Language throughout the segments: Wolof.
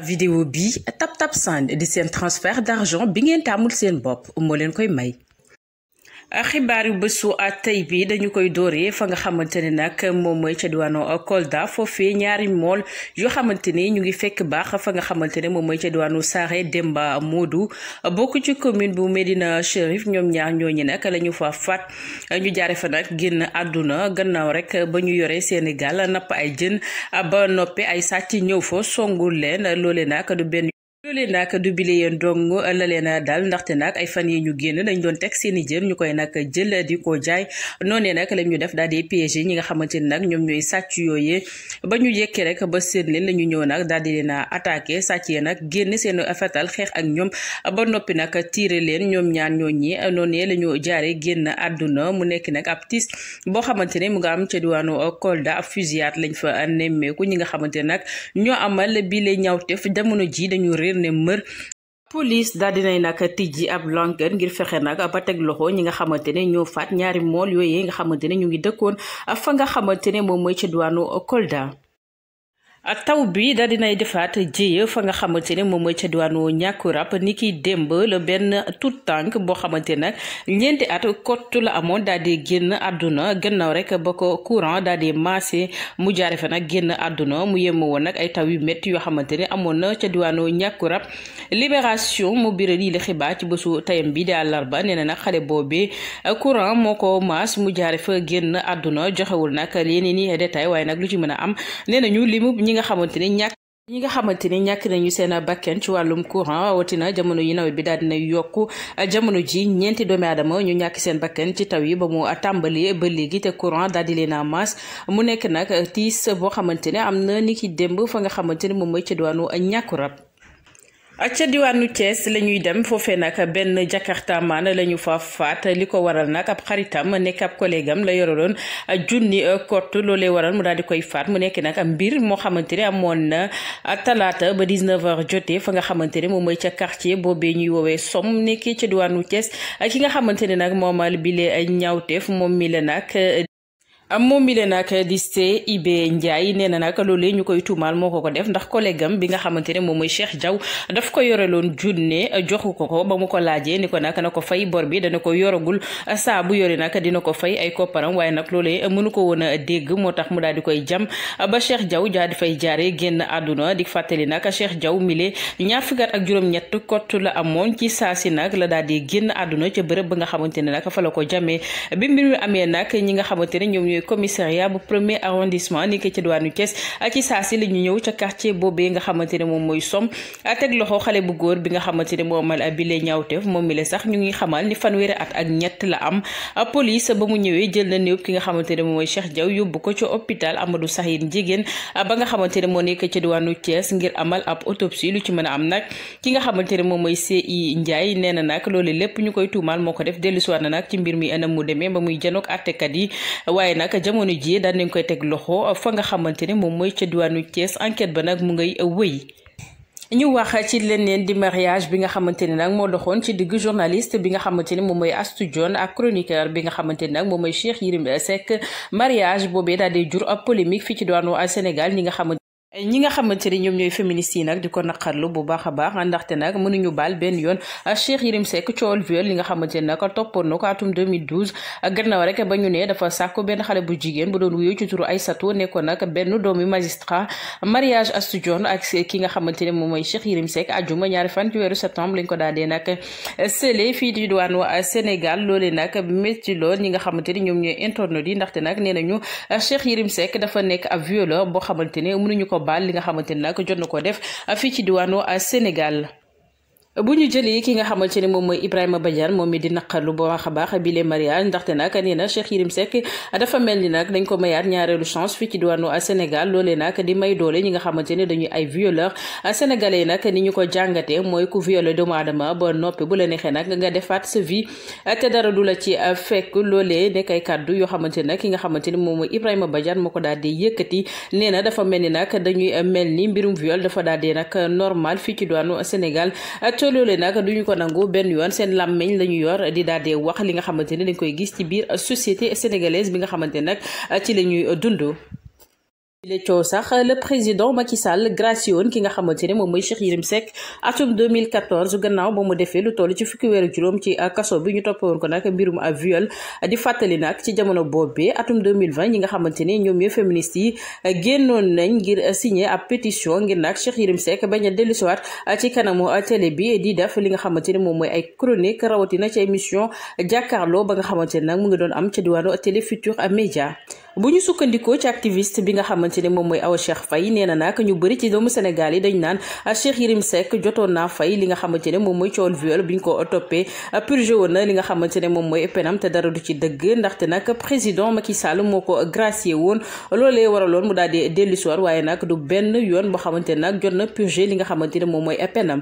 vidéo bi Tap Tap Send di seen transfert d'argent bi ngeen tamul seen bopp moo leen koy may xibaar yu bésu tey bi dañu koy dooree fa nga xamante ne nag moom mooy ca diwaanu Kolda foofee ñaari mool yoo xamante ni ñu ngi fekk baax fa nga xamante ne moom mooy ca diwaanu Saare Demba Modou bokk ci commune bu Médina Chérif ñoom ñaar ñooñu nag la ñu fa faat ñu jaare fa nag génn àdduna gannaaw rek ba ñu yoree yore Sénégal napp ay jën ba noppe ay sàcc ñëw fa songul leen loole nag du benn loolee nag du bile yéen dong la leen daal ndaxte nag ay fan yi ñu génn dañ doon teg seen i ñu koy nag jël di ko jaay noonee nag la ñu def daal di piégé ñi nga xamante ni nag ñoom ñooy sàcc yooyee ba ñu yekkee rek ba seen leen ñu ñëw nag daal di leen a sàcc yee nag génn seen fetal xeex ak ñoom ba noppi nag tiire leen ñoom ñaan ñoo ñi noonee la jaaree jaare génn àdduna mu nekk nag ab tiis boo xamante ne mu nga am ca diwaanu Kolda ab lañ fa nemmeeku ñi nga xamante ne nag ñoo amal bile ñawtef jamono ji dañu réer réer ne mër police daal dinay nag tijji ab lanket ngir fexe nag ba teg loxo ñi nga xamante ne ñoo faat ñaari mool yooyee nga xamante ne ñu ngi dëkkoon fa nga xamante ne moom mooy ci diwaanu Kolda taw bi daal dinay defaat jéeya fa nga xamante ne moom mooy ca diwaanu ñàkkurab ni ki démb la benn tout tànk boo xamante nag ñeenti at kott la amoon daal génn àdduna gannaaw rek ba ko courant daal di maase mu jaare fa nag génn àdduna mu yem woon nag ay taw yu métti yoo xamante ne amoon na ca ñàkku ñàkkurab libération mu biral yi la xibaar ci bésu tayam bi di àllarba nee na nag xale boobee courant moo ko maas mu jaare fa génn àdduna joxewul nag yeneen i détail waaye nag lu ci mën a am nee nañu limu ñi nga xamante ne ñàkk ñi nga xamante ni ñàkk nañu seen a bakken ci wàllum courant rawatina jamono yi nawet bi daal dina yokku jamono ji ñeenti doomi aadama ñu ñàkk seen bakken ci taw yi ba mu tàmbali ba léegi te courant daal di leen a mas mu nekk nag tiis boo xamante ne am na ni ki démb fa nga xamante ne moom mooy ci diwaanu ñàkku rab ca diwaanu Thiès la ñuy dem foofee nag benn jakartamaan la ñu fa faat li ko waral nag ab xaritam nekk ab collègue am la yoroloon junni kott loolee waral mu daal di koy faat mu nekk nag am mbir moo xamante ne amoon na a talaata ba 19h jotee fa nga xamante ne moom mooy ca quartier boobee ñuy woowee som nekkee ca diwaanu Thiès ki nga xamante ne nag moomal bile ñaawteef moom mi la nag. moom mi leen nag lycée Ibe Ndiaye nee na nag loolee ñu koy tuumaal moo ko ko def ndax collègue am bi nga xamante ne moom mooy Cheikh Diaw daf ko yoreloon junne joxu ko ko ba mu ko laajee ni ko nag na ko fay bor bi dana ko yoragul saa bu yore nag dina ko fay ay kopparam waaye nag loolee mënu ko woon a dégg moo tax mu daal di koy jam ba Cheikh jaw jaa di fay jaaree génn àdduna di fàttali nag Cheikh jaw mile ñaar fukki ak juróom-ñett kott la amoon ci saa si la daal di génn àdduna ca bërëb ba nga xamante ne nag fa la ko jamee bi mbir commissariat bu premier arrondissement nekk ci diwaanu Thiès ci saa si la ñu ñëw ca quartier boobee nga xamante ne moom mooy som teg loxo xale bu góor bi nga xamante ne moo amal bile ñaawteef moom mi la ñu ngi xamal ni fanweeri at ak ñett la am police ba mu ñëwee jël na néew ki nga xamante ne moom mooy Cheikh Diaw yóbbu ko ci hôpital Amadou Sakhir Ndiéguène ba nga xamante ne moo nekk ci diwaanu Thiès ngir amal ab lu ci mën am nag ki nga xamante ne moom mooy CI Ndiaye nee na nak loolu lépp ñu koy tuumaal moo ko def dellusiwaat na nag ci mbir mi anam mu demee ba muy janook àttekat yi waaye nag nag jamono jii daan nañ koy teg loxo fa nga xamante ne moom mooy ca diwaanu Thiès enquête ba nag mu ngay wëy. ñu wax ci leneen di mariage bi nga xamante ne nag moo doxoon ci digg journaliste bi nga xamante ne moom mooy Astou Dione ak chroniqueur bi nga xamante ne nag moom mooy Cheikh Yérim Seck mariage boobee daal di jur ab polémique fii ci diwaanu Sénégal ñi nga xamante ñi nga xamante ni ñoom ñooy féministes yi nag di ko naqarlu bu baax a baax ndaxte nag mënuñu baal benn yoon Cheikh Yérim Seck coowal li nga xamante ni nag toppoon na ko atum 2012 gannaaw dafa sàkku benn xale bu jigéen bu doon wuyoo ci turu Aysatu nekkoon nag benn doomi magistrat mariage Astou Dione ak ki nga xamante ne moom mooy Cheikh Yérim Seck àjjuma fan ci weeru septembre lañ ko daal dee nag sële fii di diwaanu loole nag métti lool ñi nga xamante ni ñoom ñooy internautes yi ndaxte nag nee nañu Cheikh Yérim Seck dafa nekk ab boo xamante ne mënuñu ko baal li nga xamante ni nag jot na ko def fii ci diwaanu Sénégal. bu ñu jëlee ki nga xamante ni moom mooy Ibrahima Badiane moom mi di naqarlu bu baax a baax bile mariage ndaxte nag nee na Cheikh Yérim Seck dafa mel ni nag dañ ko mayaat ñaareelu chance fii ci diwaanu Sénégal loolee nag di may doole ñi nga xamante ni dañuy ay violeur sénégalais nag ni ñu ko jàngatee mooy ku violé doomu ba noppi bu la neexee nag nga defaat sa vie te dara du la ci fekk loolee nekk ay kàddu yoo xamante ni nag ki nga xamante ni moom mooy Ibrahima Badiane moo ko daal di yëkkati nee na dafa mel ni nag dañuy mel ni mbirum viol dafa daal di nag normal fii ci diwaanu Sénégal te loolee nag duñu ko nangu benn yoon seen làmmiñ lañu yor di daal di wax li nga xamante ne dañ koy gis ci biir société sénégalaise bi nga xamante ne nag ci la ñuy dund le coow sax le président Macky Sall ki nga xamante ne moom mooy Cheikh Yérim Seck atum 2014 gannaaw ba mu defee lu toll ci fukki weer ak juróom ci kaso bi ñu toppee woon ko nag mbirum a viol di fàttali nag ci jamono boobee atum 2020 nga xamante ne ñoom ñooy féministes yi génnoon nañ ngir signe ab pétition ngir nag Cheikh Yérim Seck bañ a dellusiwaat ci kanamu télé bi di def li nga xamante ne moom mooy ay chronique rawatina ci émission jàkkaarloo ba nga xamante ne nag mu ngi doon am ca diwaanu Télé Futurs bu ñu sukkandikoo ci activiste bi nga xamante ne moom mooy Awa Cheikh Faye nee na ñu bëri ci doomu Sénégal yi dañ naan ah, Cheikh Yérim Seck jotoon naa fay li nga xamante ne moom mooy coowal viol bi ñu ko euh, toppee euh, purgé woon na li nga xamante ne moom mooy penam te dara du ci dëgg ndaxte nag président Macky Sall moo ko gracié woon loolee waraloon mu daal di dellusiwaat waaye nag du benn yoon boo xamante ne nag jot na purgé li nga xamante ne moom mooy penam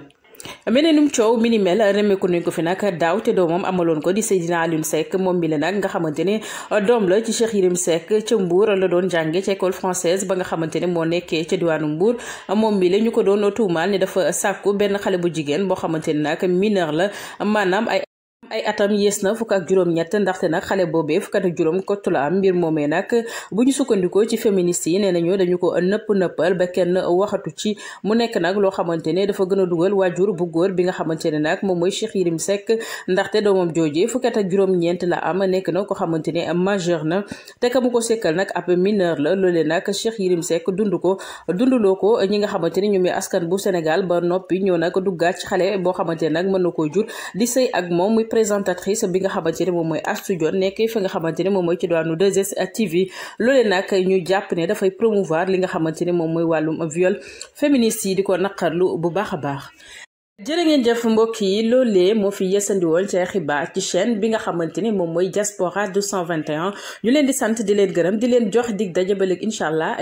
meneenum coow mi ni mel remeeku nañ ko fi nag daaw te doomam amaloon ko di Seydina Alioune Seck moom mi la nag nga xamante ne doom la ci Cheikh Yérim Seck ca Mbour la doon jànge ci école française ba nga xamante ne moo nekkee ca diwaanu Mbour moom mi la ñu ko doon tuumaal ne dafa sàkku benn xale bu jigéen boo xamante ne nag mineur la maanaam ay ay atam yées na fukk ak juróom-ñett ndaxte nag xale boobee fukk ak juróom kott la am mbir moomee nag bu ñu sukkandikoo ci féministes yi nee nañu dañu ko nëpp nëppal ba kenn waxatu ci mu nekk nag loo xamante ne dafa gën a dugal waajur bu góor bi nga xamante ne nag moom mooy Cheikh Yérim Seck ndaxte doomam joojee fukk ak juróom-ñeent la am nekk na ko xamante ne majeur na te ka mu ko sekkal nag ab mineur la loolee nag Cheikh Yérim Seck dund ko dunduloo ko ñi nga xamante ne ñoom askan bu Sénégal ba noppi ñoo nag duggaat ci xale boo xamante ne nag mën na koo jur di sëy ak moom présentatrice bi nga xamante ne moom mooy Astou Dione nekk fi nga xamante moom mooy ci doonu 2S TV loolee ñu jàpp ne dafay promouvoir li nga xamante ne moom mooy wàllu wàllum viol féministe yi di ko lu bu baax a baax. jërë ngeen jëf mbokk yi loolee moo fi yësandi woon ci xibaar ci chaîne bi nga xamante ni moom mooy Diaspora 221 ñu leen di sant di leen gërëm di leen jox dig daje ba léegi allah.